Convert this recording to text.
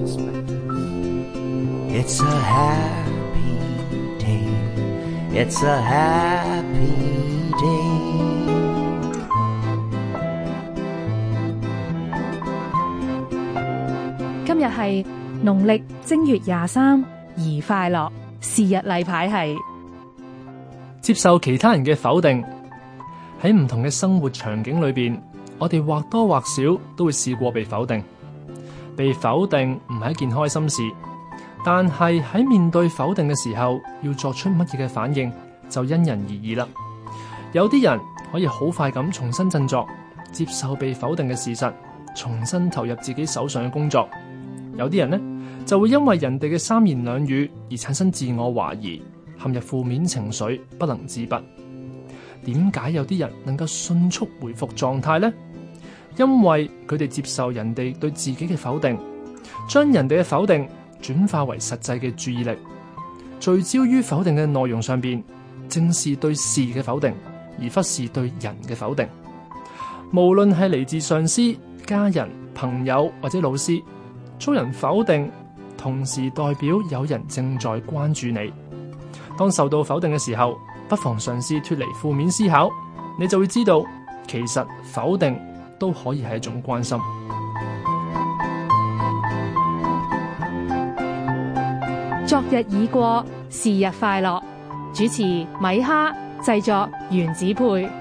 It's a happy day. It's a happy day. 今日係農曆正月廿三，宜快樂。時日是日例牌係接受其他人嘅否定。喺唔同嘅生活場景裏邊，我哋或多或少都會試過被否定。被否定唔係一件開心事，但係喺面對否定嘅時候，要作出乜嘢嘅反應就因人而異啦。有啲人可以好快咁重新振作，接受被否定嘅事實，重新投入自己手上嘅工作；有啲人呢就會因為人哋嘅三言兩語而產生自我懷疑，陷入負面情緒，不能自拔。點解有啲人能夠迅速回復狀態呢？因為佢哋接受人哋對自己嘅否定，將人哋嘅否定轉化為實際嘅注意力，聚焦於否定嘅內容上邊，正視對事嘅否定，而忽視對人嘅否定。無論係嚟自上司、家人、朋友或者老師，遭人否定，同時代表有人正在關注你。當受到否定嘅時候，不妨嘗試脫離負面思考，你就會知道其實否定。都可以係一種關心。昨日已過，是日快樂。主持米哈，製作原子配。